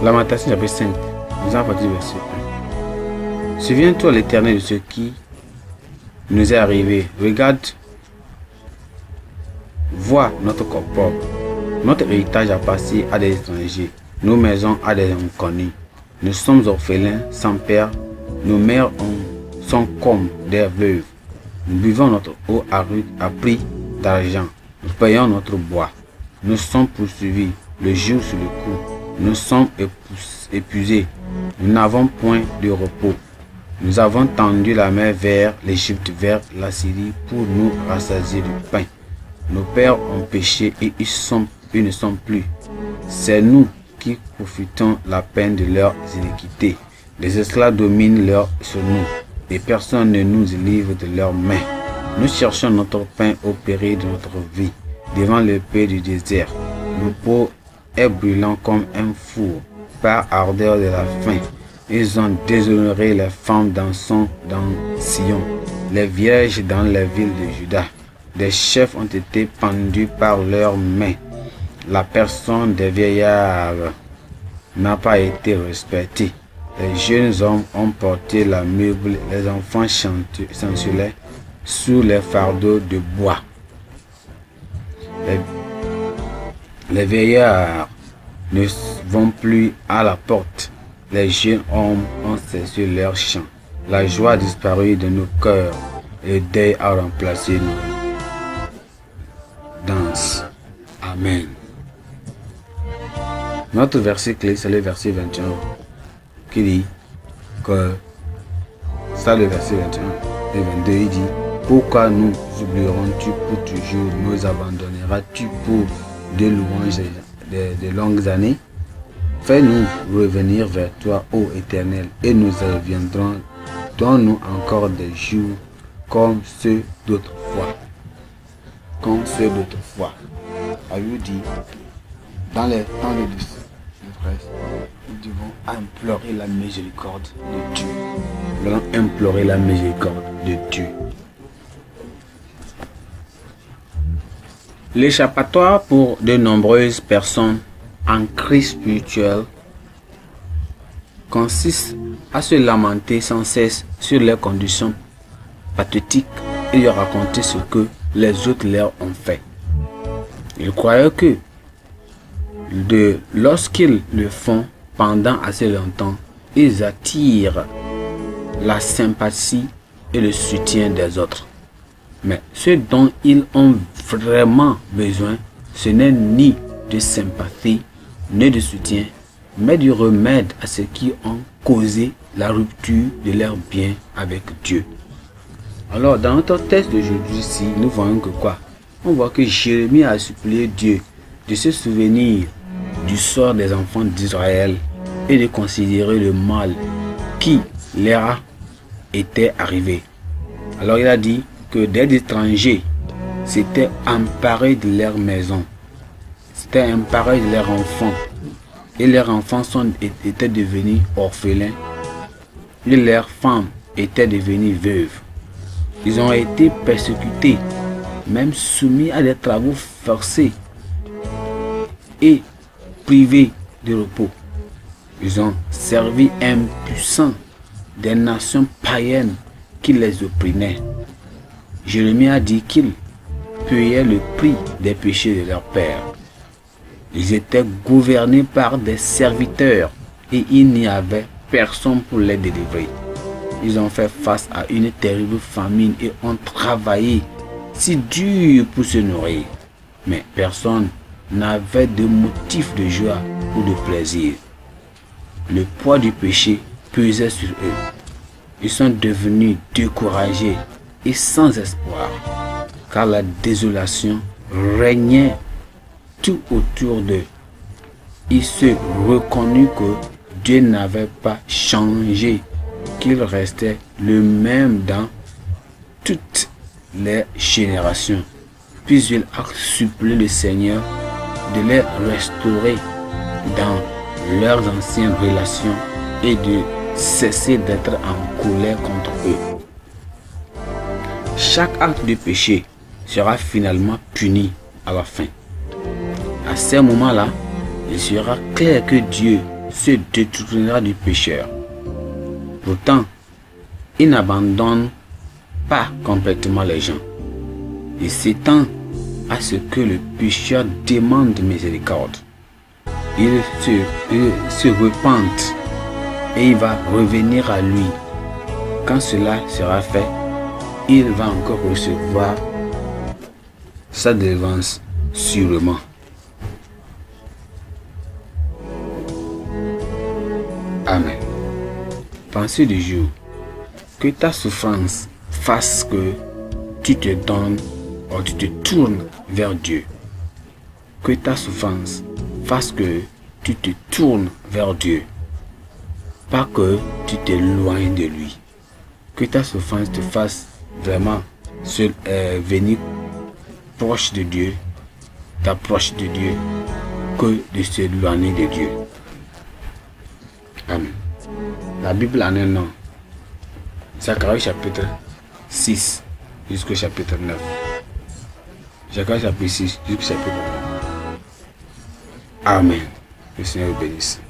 Lamentation chapitre 5, nous avons du verset 1. Souviens-toi l'éternel de ce qui nous est arrivé. Regarde, vois notre corps propre. Notre héritage a passé à des étrangers, nos maisons à des inconnus. Nous sommes orphelins, sans père, nos mères sont comme des veuves. Nous buvons notre eau à, rue, à prix d'argent. Nous payons notre bois. Nous sommes poursuivis le jour sur le coup nous sommes épuisés. Nous n'avons point de repos. Nous avons tendu la main vers l'Égypte, vers la Syrie, pour nous rassasier du pain. Nos pères ont péché et ils, sont, ne sont plus. C'est nous qui profitons la peine de leurs iniquités. Les esclaves dominent leur, sur nous, et personne ne nous livre de leurs mains. Nous cherchons notre pain au péril de notre vie, devant le pays du désert. nous brûlant comme un four par ardeur de la faim. Ils ont déshonoré les femmes dans son dans Sion, les vierges dans les villes de Juda. Des chefs ont été pendus par leurs mains. La personne des vieillards n'a pas été respectée. Les jeunes hommes ont porté la meuble, les enfants chancelaient sous les fardeaux de bois. Les veilleurs ne vont plus à la porte. Les jeunes hommes ont cessé leur chant. La joie a disparu de nos cœurs. Et deuil a remplacé nos danses. Amen. Notre verset clé, c'est le verset 21 qui dit que, ça le verset 21 et 22, il dit, pourquoi nous oublierons-tu pour toujours, nous abandonneras-tu pour de louanges de, longues années. Fais-nous revenir vers toi, ô Éternel, et nous reviendrons. dans nous encore des jours comme ceux d'autrefois. Comme ceux d'autrefois. à dit, dans les temps de nous devons implorer la miséricorde de Dieu. Nous devons implorer la miséricorde de Dieu. L'échappatoire pour de nombreuses personnes en crise spirituelle consiste à se lamenter sans cesse sur leurs conditions pathétiques et leur raconter ce que les autres leur ont fait. Ils croyaient que de lorsqu'ils le font pendant assez longtemps, ils attirent la sympathie et le soutien des autres. Mais ce dont ils ont vraiment besoin, ce n'est ni de sympathie, ni de soutien, mais du remède à ceux qui ont causé la rupture de leur bien avec Dieu. Alors, dans notre texte daujourdhui nous voyons que quoi On voit que Jérémie a supplié Dieu de se souvenir du sort des enfants d'Israël et de considérer le mal qui leur était arrivé. Alors, il a dit que des étrangers s'étaient emparés de leur maison, C'était emparés de leurs enfants. Et leurs enfants sont, étaient devenus orphelins. Et leurs femmes étaient devenues veuves. Ils ont été persécutés, même soumis à des travaux forcés et privés de repos. Ils ont servi impuissants des nations païennes qui les opprimaient. Jérémie a dit qu'il payaient le prix des péchés de leurs pères. Ils étaient gouvernés par des serviteurs et il n'y avait personne pour les délivrer. Ils ont fait face à une terrible famine et ont travaillé si dur pour se nourrir. Mais personne n'avait de motif de joie ou de plaisir. Le poids du péché pesait sur eux. Ils sont devenus découragés et sans espoir car la désolation régnait tout autour d'eux. Il se reconnut que Dieu n'avait pas changé, qu'il restait le même dans toutes les générations. Puis il a supplié le Seigneur de les restaurer dans leurs anciennes relations et de cesser d'être en colère contre eux. Chaque acte de péché sera finalement puni à la fin. À ce moment-là, il sera clair que Dieu se détournera du pécheur. Pourtant, il n'abandonne pas complètement les gens. Il s'étend à ce que le pécheur demande miséricorde. Il se, il se repente et il va revenir à lui. Quand cela sera fait, il va encore recevoir sa dévance sûrement. Amen. Pensez du jour, que ta souffrance fasse que tu te donnes ou tu te tournes vers Dieu. Que ta souffrance fasse que tu te tournes vers Dieu. Pas que tu t'éloignes de lui. Que ta souffrance te fasse vraiment euh, venir proche de Dieu, t'approches de Dieu, que de s'éloigner de Dieu. Amen. La Bible en est non. nom. Zacharie chapitre 6 jusqu'au chapitre 9. Zacharie chapitre 6 jusqu'au chapitre 9. Amen. Le Seigneur vous bénisse.